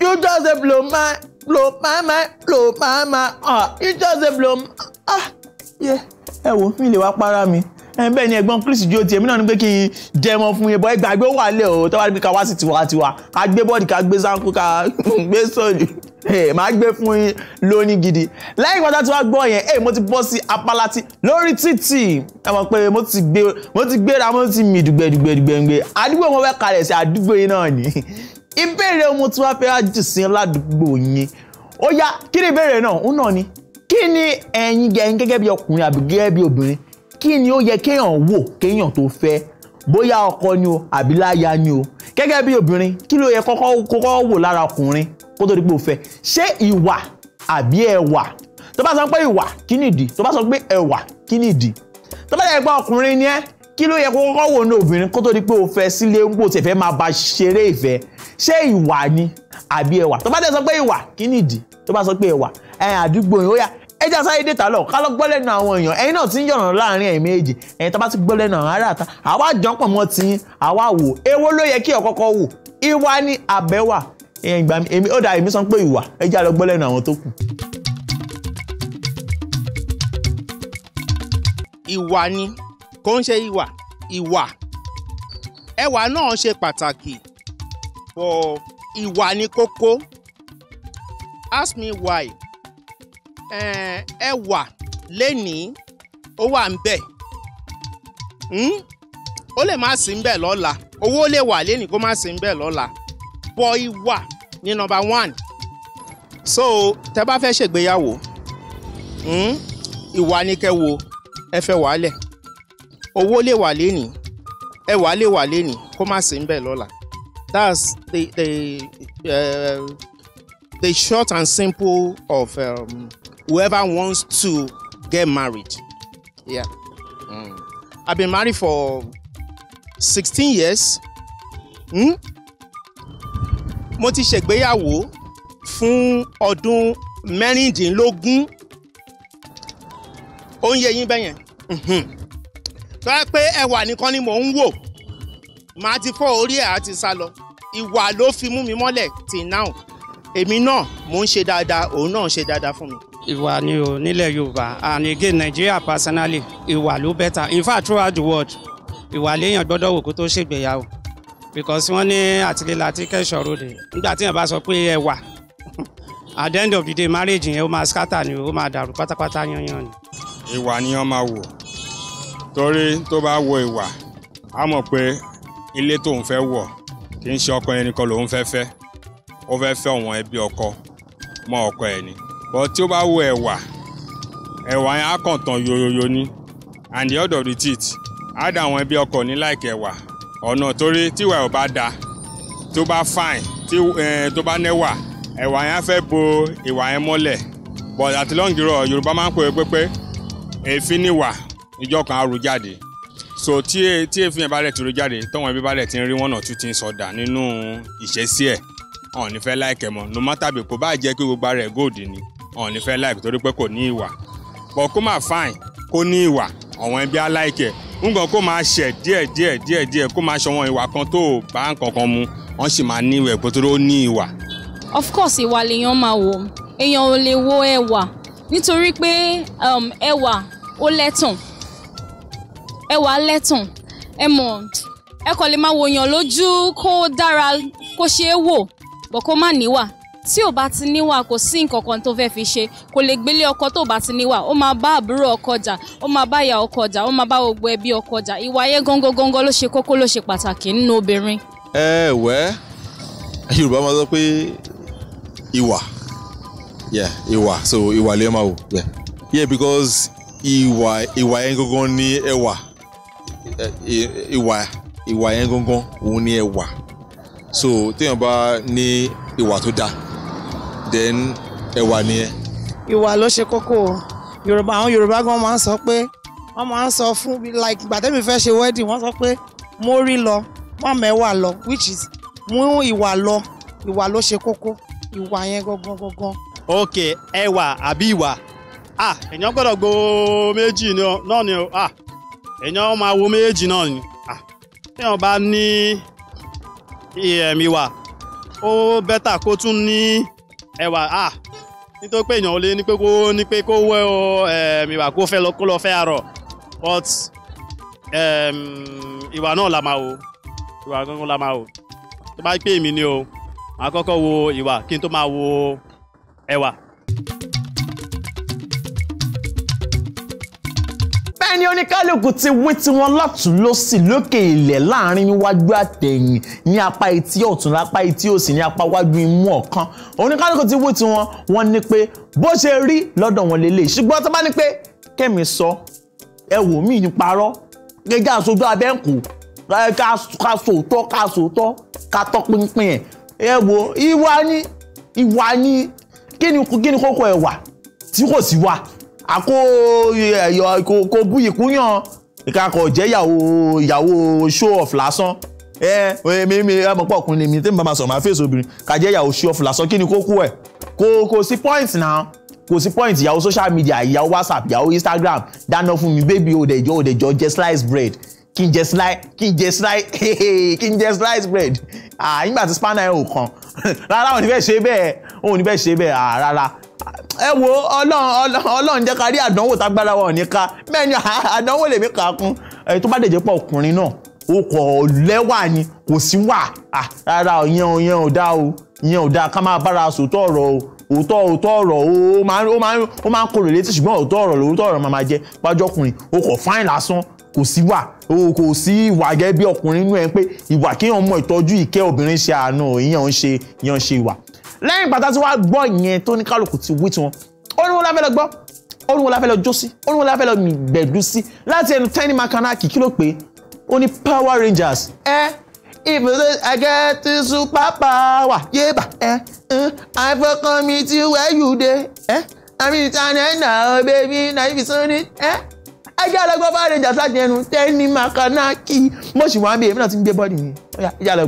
You just blow my blow my mind blow my mind ah you just blow my ah yeah. ẹ wo mi lè wá para mi bẹ́ẹ̀ ni ẹ̀gbọ́n Chris jó tiẹ̀ mí náà ni pé kí n jẹmọ fún yẹn bọ́ ẹ gbàgbé wà lẹ̀ o tọ́wá níbi ká wá sí tiwa tiwa ká gbé bọ́ọ̀dì ká gbé sáńkú ká gbé sọ́ọ̀lì màá gbé fún yín lónìí gidi lẹ́yìn ìgbà tí wàá gbọ́ yẹn ẹ̀ mo ti bọ́ sí apala ti lórí títì ẹ mọ̀ pé mo ti gbéra mo ti mì dùgbẹ̀dùgbẹ̀dùgbẹ̀ àdúgbò mo fẹ́ kalẹ̀ sí àdúgbò yìí náà ni ìbéèrè mo ti wá fẹ́ wá jù sí ládùúgbò yín ó yá kí ni ìbéèrè náà òun náà ni kí ni ẹ̀yin ẹ̀yin gẹ́gẹ́ bí ọkùnrin àbí gẹ́gẹ́ bí obìnrin kí ni ó yẹ kéèyàn wò kéèyàn tó fẹ́ bóyá ọkọ ni o àbí láya ni o gẹ́gẹ́ bí obìnrin kí ló yẹ kọ́kọ́ kọ́kọ́ wò lára ọkùnrin kó tó di pé o fẹ́ ṣé ìwà àbí ẹwà tó bá sọ pé ìwà kí nìdí tó bá sọ pé ẹwà kí nìdí tó bá yẹ pé ọkùnrin ni ẹ́ kí ló yẹ kó kọ́kọ́ wò ní obìnrin kó tó di pé o fẹ́ sílé ń bò tẹ̀fẹ́ máa ba ṣeré ìfẹ́ ṣé ìwà ni àbí ẹwà tó bá dẹ̀ sọ pé ìwà kí nìdí tó bá sọ pé ẹwà ẹ̀yìn àdúgbò yìí ó yà ẹja sáré dèta lọ ká lọ gbọ́ lẹ́nu àwọn èèyàn ẹ̀yin náà ti ń yọ̀ràn láàrin ẹ̀yin méjì ẹ̀yin tó bá ti gbọ́ lẹ́nu àwọn ará ta àwa jọ pọ̀ mọ́ ti yín àwa wò èwo ló yẹ kí ẹ wò ìwà ni àbẹ̀wà ẹ̀yin ìgbà mi ó dà èmi sọ pé ìwà ẹja lọ gbọ́ lẹ́nu àwọn tó kù. ìwà ni kò ń ṣe ìwà ìwà ẹwà náà ṣe pàtàkì ìwà ní kókó ask me why ẹwà lẹ́nìí ó wà ń bẹ̀ hmm? ó lè má sí ń bẹ̀ lọ́la owó lè wà lẹ́nìí kó má sí ń one so tẹ bá fẹ́ ṣègbéyàwó hmm? ìwà wo ẹ fẹ́ owó lè wà lénìí ẹwà lè wà lénìí kó má sí níbẹ̀ lọ́la that's the the uh, the short and simple of um, whoever wants to get married yeah mm. I've been married for sixteen years hmm? mo ti ṣègbéyàwó fún ọdún mẹ́rìndínlógún ó ń yẹ yín bẹ́yẹn. Mm-hmm tó yẹ pé ẹwà nìkan ni mò ń wò màá ti fọ́ orí ẹ̀ àti sá lọ ìwà ló fi mú mi mọ́lẹ̀ tì náà èmi náà mò ń ṣe dáadáa òun náà ń ṣe dáadáa fún mi. ìwà ni o nílẹ̀ yorùbá and again nigeria personally ìwà ló better in fact throughout the world ìwà léèyàn gbọ́dọ̀ wò kó tó ṣègbéyàwó because wọ́n ní àtìlẹ́ láti kẹ́sọ̀ ròde nígbà tí èèyàn bá sọ pé ẹwà at the end of the day marriage yẹn ó máa scatter ni ó máa dàrú pátápátá yanyan ni. ìwà ni wọ́n máa wò torí tó bá wo ìwà á mọ̀ pé ilé tóun fẹ́ wọ̀ kì í ṣe ọkọ ẹni kan lòun fẹ́ fẹ́ ó fẹ́ fẹ́ ọ̀wọ́n ẹbí ọkọ mọ́ ọkọ ni. bọ́ tí ó bá wo ẹ̀wà ẹ̀wà yẹn á kàn tán yoyoyo ni and the other of the teeth á dà àwọn ẹbí ọkọ ní láìkẹ́ ẹ̀wà ọ̀nà torí tíwà ò bá da tó bá fine tí tó bá nẹ́wà ẹ̀wà yẹn á fẹ́ bo ìwà yẹn mọ́lẹ̀ but àti lọ́ngìrọ̀ Yorùbá máa ń pè é pé pé èéfín níwà ìjọ kan aró jáde so tí e, tí èéfín yẹn bá ti ro jáde tọ́wọ́n ẹbí bá ti ń rí one or two things ọ̀dà nínú ìṣesí ẹ̀ ọ̀n ní láìkẹ́ mọ́ no matter bí kò bá jẹ́ kí gbogbo rẹ̀ gold ni ọ̀n ní láìkẹ́ torí pé kò ní ìwà but kó máa fine kó ní ìwà ọ̀wọ́n ẹbí á láìkẹ́ nǹkan kó máa ṣẹ̀ díẹ̀ díẹ̀ díẹ̀ díẹ̀ kó máa ṣọwọ́n ìwà kan tó bá nǹkan mu wọ́n sì máa ní ìwà ẹ̀kọ́ ní ìwà. of course ìwà lèèyàn máa wò èèyàn ò lè wo ẹwà nítorí pé um, ẹwà ó lẹ́tàn ẹ wà á lẹ́tàn ẹ mọ̀ ẹ kàn lè máa wòyàn lójú kó dára kó ṣeé wò bọ̀ kó má níwà tí ò bá ti níwà kò sí nǹkan kan tó fẹ́ fi ṣe kò lè gbélé ọkọ tó bá ti níwà ó máa bá àbúrò ọkọ jà ó máa bá ìyá ọkọ jà ó máa bá gbogbo ẹbí ọkọ jà ìwà ayé gángan gángan ló ṣe kókó ló ṣe pàtàkì nínú obìnrin. ẹ wẹ́ yorùbá máa sọ pé ìwà yeah ìwà so ìwà lè máa wò yeah yeah because ìwà ìwà yẹn gángan ní ẹwà ìwà ìwà yẹn gangan òun ni ẹwà so téèyàn bá ní ìwà tó dáa then ẹwà nìyẹn. ìwà ló ṣe kókó yorùbá àwọn yorùbá gan máa ń sọ pé wọ́n máa ń sọ fún like gbàtẹ́mi fẹ́ ṣe wedding wọ́n sọ pé mórí lọ má mẹ́wàá lọ which is mú ìwà lọ ìwà ló ṣe kókó ìwà yẹn gangan gangan. ok ẹwà àbí ìwà ah èèyàn gbọ́dọ̀ gbòó méjì náà ni o ah èèyàn máa wo méjèèjì náà ni ah, téèyàn bá ní ẹ̀mí wà ó bẹ́tà kó tún ní ẹwà ah nítorí pé èèyàn ò lè ní pé kó ní pé kó wẹ́ ọ ẹ̀mí kó fẹ́ lọ kó lọ fẹ́ arọ̀ but ìwà náà la máa wò ìwà gangan la máa wò tó bá pè mí ni o màá kọ́kọ́ wo ìwà kí n tó máa wo ẹwà. ní oníkálukú ti wí tiwọn lọ́tún lọ́sì lókè ilẹ̀ láàrin iwájú àtẹ̀yìn ní apá etí ọ̀tún lápá etí òsì ní apá iwájú imú ọ̀kan oníkálukú ti wí tiwọn wọn ní pé bó ṣe rí lọ́dọ̀ wọn lélẹ̀ ṣùgbọ́n tó bá ní pé kẹ́mi sọ ẹ wò mí ní parọ́ gẹ́gẹ́ àsojú abẹ́ǹkù ká sòótọ́ ká sòótọ́ ká tọ́ pínpín ẹ̀ ẹ wò ìwà ni ìwà ni kí ni kókó ẹ̀wà tí kò sí wà àkó ẹ̀yọ kò bú ìkúnyàn ìkakọ̀ jẹ́ ìyàwó ìyàwó show off lásán ẹ ẹ mi mi ẹ mọ pọ ọkùnrin mi tí mo bá máa sọ̀rọ̀ máa fèsì obìnrin ká jẹ́ ìyàwó show off lásán kí ni kókó ẹ̀ kò kò sí point now kò sí point ìyàwó social media ìyàwó whatsapp ìyàwó instagram dáná fún mi baby òdèjọ òdèjọ jẹ slice bread kí n jẹ slice kí n jẹ slice kí n jẹ slice bread ah nígbà tí spanner ẹ̀ ò kàn rárá òun ní fẹ́ ṣe bẹ́ẹ̀ òun ní ṣe bẹ́ẹ̀ ah rárá ẹ wo ọlọ́run ọlọ́run jẹ́ ká rí àdánwò tágbára wa ò ní ká mẹ́ni àdánwò lèmi kà á kún ẹ tó bá dẹ̀jẹ̀ pọ̀ ọkùnrin náà o kò lẹ́wà ni kò sí wà rárá ìyẹn ò yẹn ò dá o ìyẹn o dá ká máa bára sòótọ́ ọ̀rọ̀ o òótọ́ òótọ́ ọ̀rọ̀ ó máa ń korò létí ṣùgbọ́n òótọ́ ọ̀rọ̀ lòótọ́ ọ̀rọ̀ máa jẹ́ pàjọkùnrin o kò fáìn lásán kò sí wà kò sí ìwà gẹ́gẹ́ bí ọkùnrin inú ẹ pé ìwà kéèyàn mọ ìtọ́jú ìkẹ́ obìnrin ṣe àánú ìyẹn ń ṣe ìyẹn ń ṣe ìwà lẹ́yìn pátá tí wàá gbọ́ ìyẹn tó ní kálukú ti wí tiwọn ó ní láfẹ́ lọ gbọ́ ó láfẹ́ lọ jó sí ó láfẹ́ lọ mì gbẹ̀dú sí láti ẹnu Tiny Makanaki kí ló pé ó ní Power Rangers oh, ẹ ìfúnṣe àgẹ́tì super power yébà ẹ I for commit you where you dey ẹ àmì ìtàn ẹ̀ nà ọ́ bẹ́bí náà ìfi sọ́ni ẹ ẹjẹ́ ọlọ́gbọ́n bá rẹ̀ jà sáà jẹnu Tiny Makanaki mo sì wá bí èmi náà ti ń gbé bọ́ọ̀dì mi ẹjẹ́ ọlọ́gbọ́n.